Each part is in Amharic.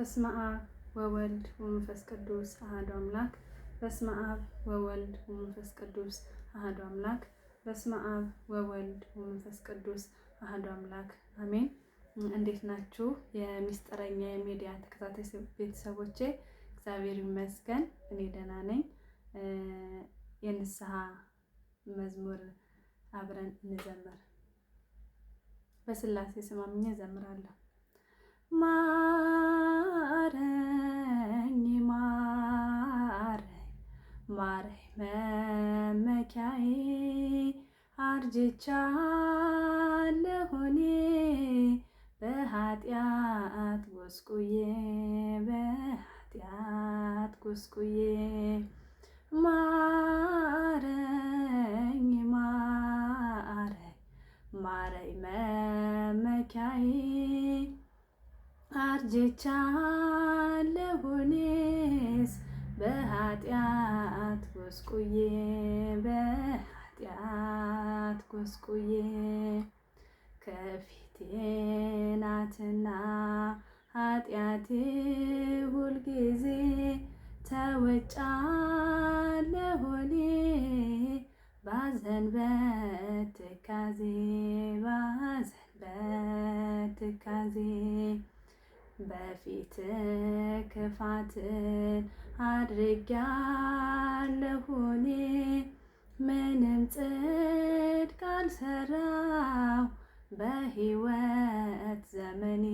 በስመ አብ ወወልድ ወመንፈስ ቅዱስ አሐዱ አምላክ። በስመ አብ ወወልድ ወመንፈስ ቅዱስ አሐዱ አምላክ። በስመ አብ ወወልድ ወመንፈስ ቅዱስ አሐዱ አምላክ አሜን። እንዴት ናችሁ? የሚስጥረኛ የሚዲያ ተከታታይ ቤተሰቦቼ፣ እግዚአብሔር ይመስገን እኔ ደህና ነኝ። የንስሐ መዝሙር አብረን እንዘምር። በስላሴ ስማምኜ እዘምራለሁ። ማረኝ ማረኝ ማረኝ መመኪያዬ አርጅቻለሁኔ በኃጢአት ጎስቁዬ በኃጢአት ጎስቁዬ አርጅቻለሁኔስ በኃጢአት ጎስቁዬ በኃጢአት ጎስቁዬ ከፊቴ ናትና ኃጢአቴ ሁልጊዜ ተወጫለሁኔ ባዘን በትካዜ ባዘን በትካዜ በፊት ክፋትን አድርጊያለሁኝ ምንም ጽድቅ አልሰራው በህይወት ዘመኔ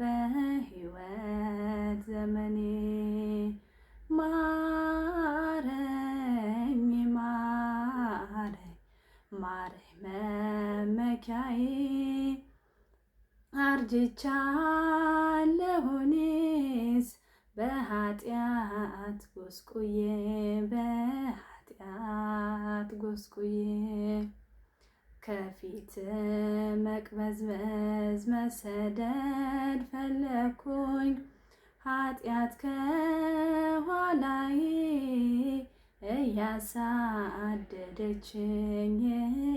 በህይወት ዘመኔ ማረኝ ማረኝ ማረኝ መመኪያዬ አርጅቻ በኃጢአት ጎስቁዬ በኃጢአት ጎስቁዬ ከፊት መቅበዝበዝ መሰደድ ፈለኩኝ ኃጢአት ከኋላዬ እያሳደደችኝ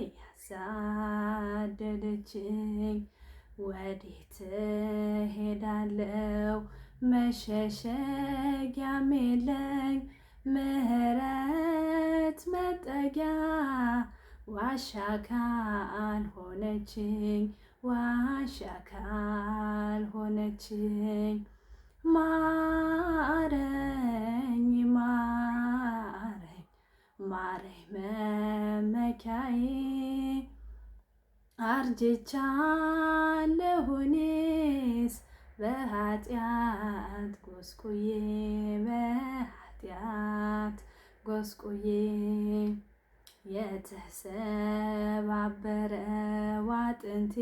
እያሳደደችኝ ወዴት ሄዳለው? መሸሸጊያም የለኝ ምህረት መጠጊያ ዋሻ ካልሆነችኝ ዋሻ ካልሆነችኝ ማረኝ ማረኝ ማረኝ መመኪያዬ አርጅቻለሁኔ በኃጢአት ጎስቁዬ በኃጢአት ጎስቁዬ የተሰባበረ ዋጥንቴ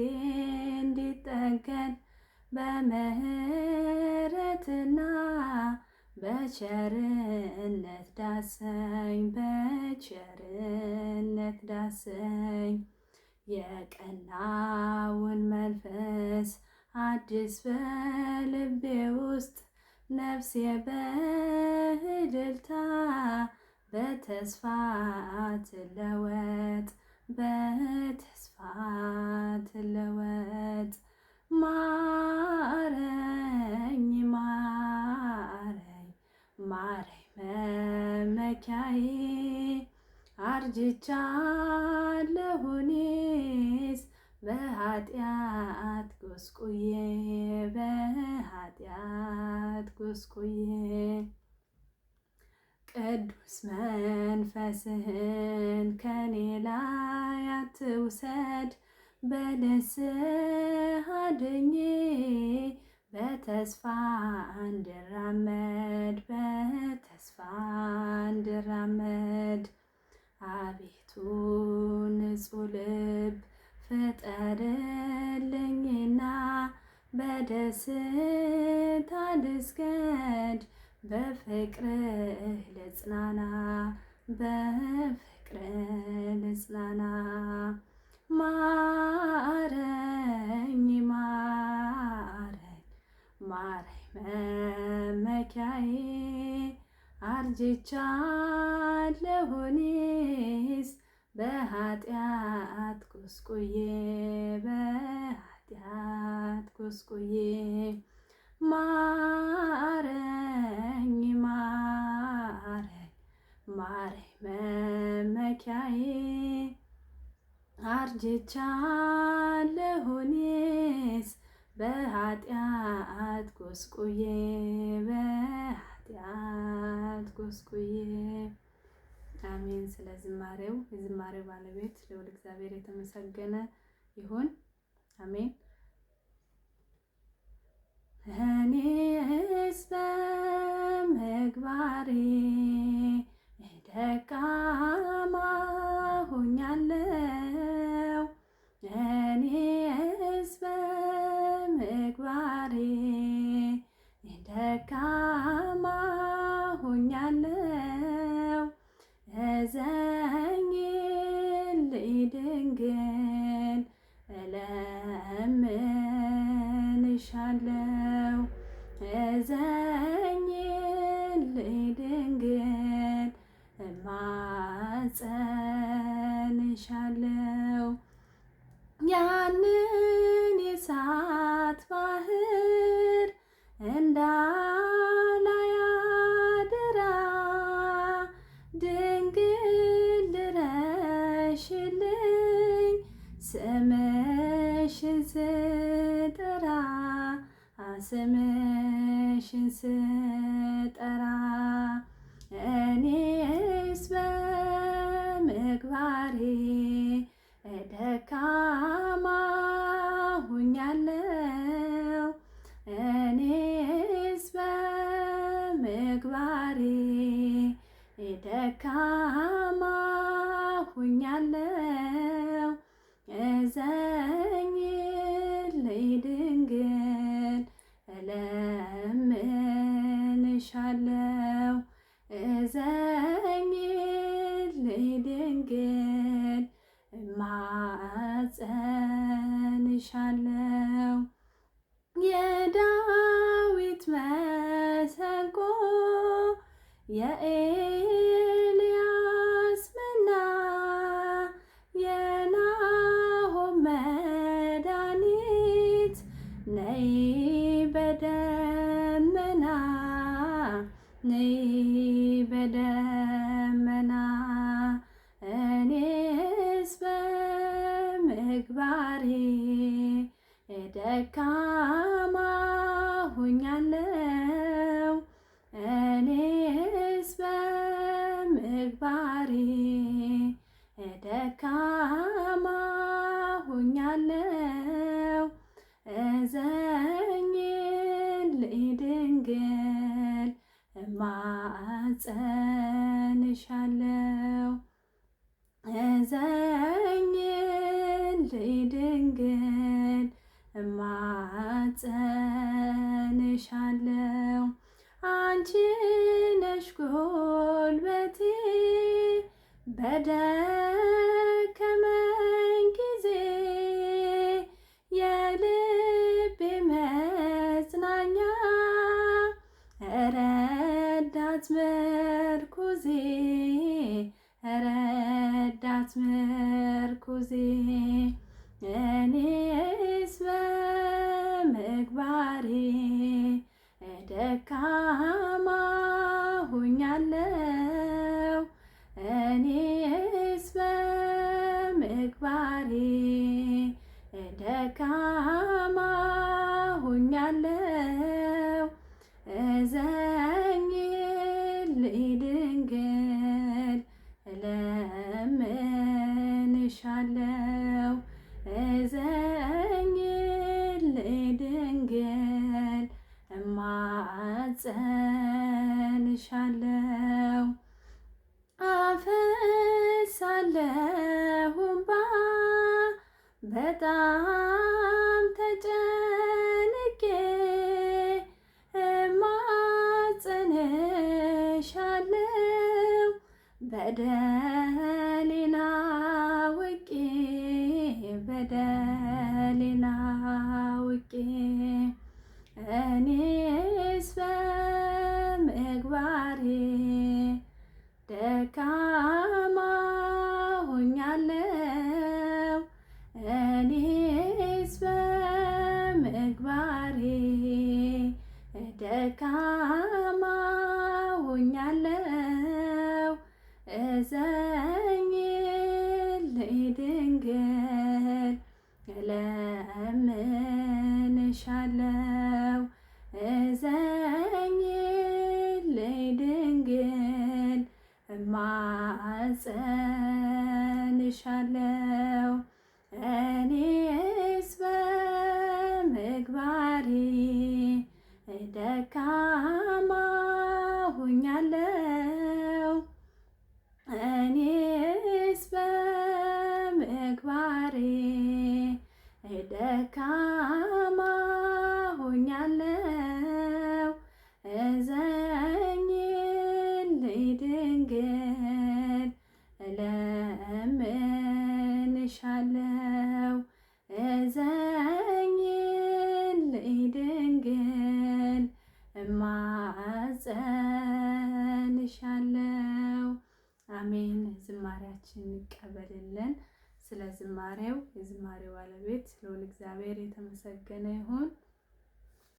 እንዲጠገን በምህረትና በቸርነት ዳሰኝ በቸርነት ዳሰኝ የቀናውን መንፈስ አዲስ በልቤ ውስጥ ነፍሴ በእልልታ በተስፋ ትለወጥ በተስፋ ትለወጥ ማረኝ ማረኝ ማረኝ መመኪያዬ አርጅቻለሁ እኔስ በኃጢአት ጎስቁዬ በኃጢአት ጎስቁዬ ቅዱስ መንፈስህን ከኔ ላይ አትውሰድ፣ በደስህ አድኜ በተስፋ እንድራመድ በተስፋ እንድራመድ አቤቱ ንጹሕ ልብ ፍጠርልኝና በደስታ ልስገድ፣ በፍቅርህ ልጽናና፣ በፍቅርህ ልጽናና። ማረኝ ማረኝ ማረኝ መመኪያዬ አርጅቻለሁኔስ በኃጢአት ቁስቁዬ በኃጢአት ቁስቁዬ ማረኝ ማረኝ ማረኝ መመኪያዬ አርጅቻለሁኔስ በኃጢአት ቁስቁዬ በኃጢአት ቁስቁዬ አሜን። ስለ ዝማሬው የዝማሬው ባለቤት ልዑል እግዚአብሔር የተመሰገነ ይሁን። አሜን። እኔስ በምግባሬ ደቃ ደርሻለሁ እዘኝልኝ ስምሽን ስጠራ እኔስ በምግባሬ ደካማ ሁኛለው። እኔስ በምግባሬ ደካማ እዘኝልኝ ድንግል እማጸንሻለው የዳዊት መሰንቆ ደካማ ሆኛለው እኔስ በምግባሬ ደካማ ሆኛለው እዘኝልኝ ድንግል እማጸንሻለው እማጸንሻለው አንቺ ነሽ ጎልበቴ በደ ደካማ ሆኛለሁ በደሌን አውቄ በደሌን አውቄ እኔስ በምግባሬ ደካ la እልሻለሁ እዘኝልኝ ድንግል እማጸንሻለሁ። አሜን። ዝማሬያችን ይቀበልልን። ስለ ዝማሬው የዝማሬው ባለቤት ልዑል እግዚአብሔር የተመሰገነ ይሁን።